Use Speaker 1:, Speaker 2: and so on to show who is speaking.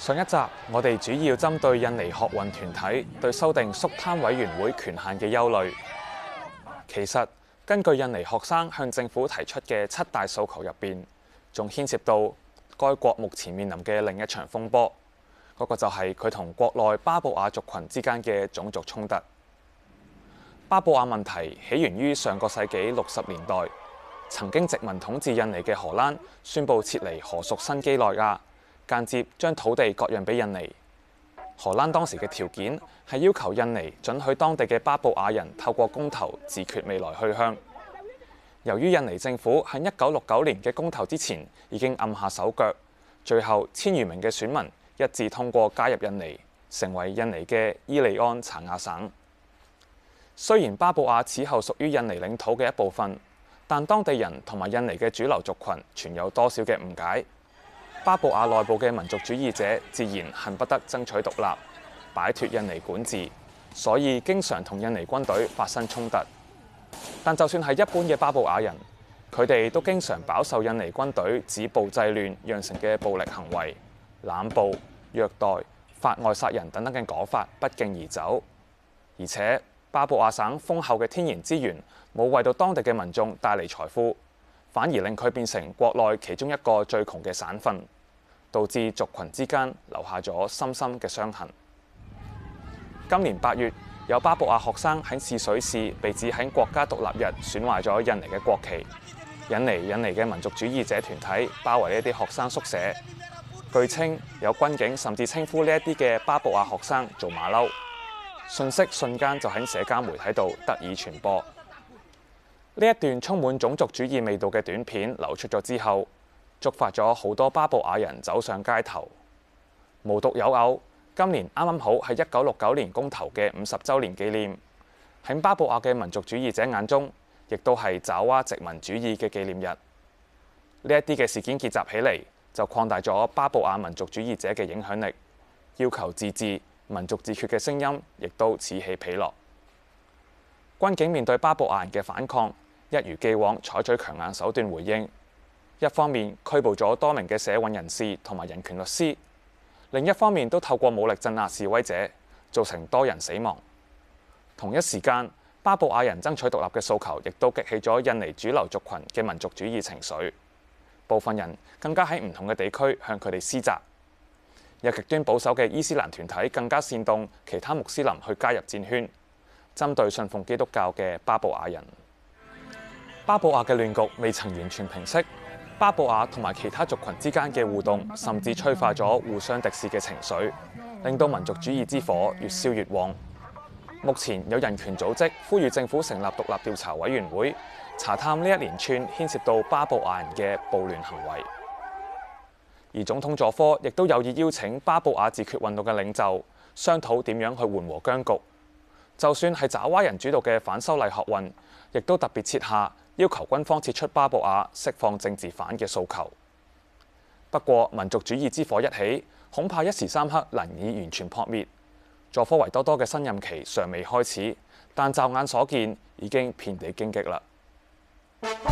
Speaker 1: 上一集我哋主要針對印尼學運團體對修訂肅貪委員會權限嘅憂慮。其實根據印尼學生向政府提出嘅七大訴求入邊，仲牽涉到該國目前面臨嘅另一場風波，嗰、嗰個就係佢同國內巴布亞族群之間嘅種族衝突。巴布亞問題起源於上個世紀六十年代，曾經殖民統治印尼嘅荷蘭宣布撤離荷屬新基內亞。間接將土地割讓俾印尼。荷蘭當時嘅條件係要求印尼准許當地嘅巴布亞人透過公投自決未來去向。由於印尼政府喺一九六九年嘅公投之前已經暗下手腳，最後千餘名嘅選民一致通過加入印尼，成為印尼嘅伊利安查亞省。雖然巴布亞此後屬於印尼領土嘅一部分，但當地人同埋印尼嘅主流族群存有多少嘅誤解。巴布亞內部嘅民族主義者自然恨不得爭取獨立，擺脱印尼管治，所以經常同印尼軍隊發生衝突。但就算係一般嘅巴布亞人，佢哋都經常飽受印尼軍隊止暴制亂、釀成嘅暴力行為、濫捕、虐待、法外殺人等等嘅講法不脛而走。而且巴布亞省豐厚嘅天然資源冇為到當地嘅民眾帶嚟財富。反而令佢變成國內其中一個最窮嘅省份，導致族群之間留下咗深深嘅傷痕。今年八月，有巴布亞學生喺泗水市被指喺國家獨立日損壞咗印尼嘅國旗，引嚟印尼嘅民族主義者團體包圍一啲學生宿舍，據稱有軍警甚至稱呼呢一啲嘅巴布亞學生做馬騮。訊息瞬間就喺社交媒體度得以傳播。呢一段充滿種族主義味道嘅短片流出咗之後，觸發咗好多巴布亞人走上街頭。無獨有偶，今年啱啱好係1969年公投嘅五十週年紀念，喺巴布亞嘅民族主義者眼中，亦都係爪哇殖民主義嘅紀念日。呢一啲嘅事件結集起嚟，就擴大咗巴布亞民族主義者嘅影響力，要求自治、民族自決嘅聲音，亦都此起彼落。軍警面對巴布亞人嘅反抗，一如既往採取強硬手段回應。一方面拘捕咗多名嘅社運人士同埋人權律師，另一方面都透過武力鎮壓示威者，造成多人死亡。同一時間，巴布亞人爭取獨立嘅訴求，亦都激起咗印尼主流族群嘅民族主義情緒。部分人更加喺唔同嘅地區向佢哋施責，有極端保守嘅伊斯蘭團體更加煽動其他穆斯林去加入戰圈。針對信奉基督教嘅巴布亞人，巴布亞嘅亂局未曾完全平息，巴布亞同埋其他族群之間嘅互動甚至催化咗互相敵視嘅情緒，令到民族主義之火越燒越旺。目前有人權組織呼籲政府成立獨立調查委員會，查探呢一連串牽涉到巴布亞人嘅暴亂行為。而總統佐科亦都有意邀請巴布亞自決運動嘅領袖，商討點樣去緩和僵局。就算係爪哇人主導嘅反修例學運，亦都特別設下要求軍方撤出巴布亞、釋放政治犯嘅訴求。不過民族主義之火一起，恐怕一時三刻難以完全撲滅。佐科維多多嘅新任期尚未開始，但驟眼所見已經遍地荊棘啦。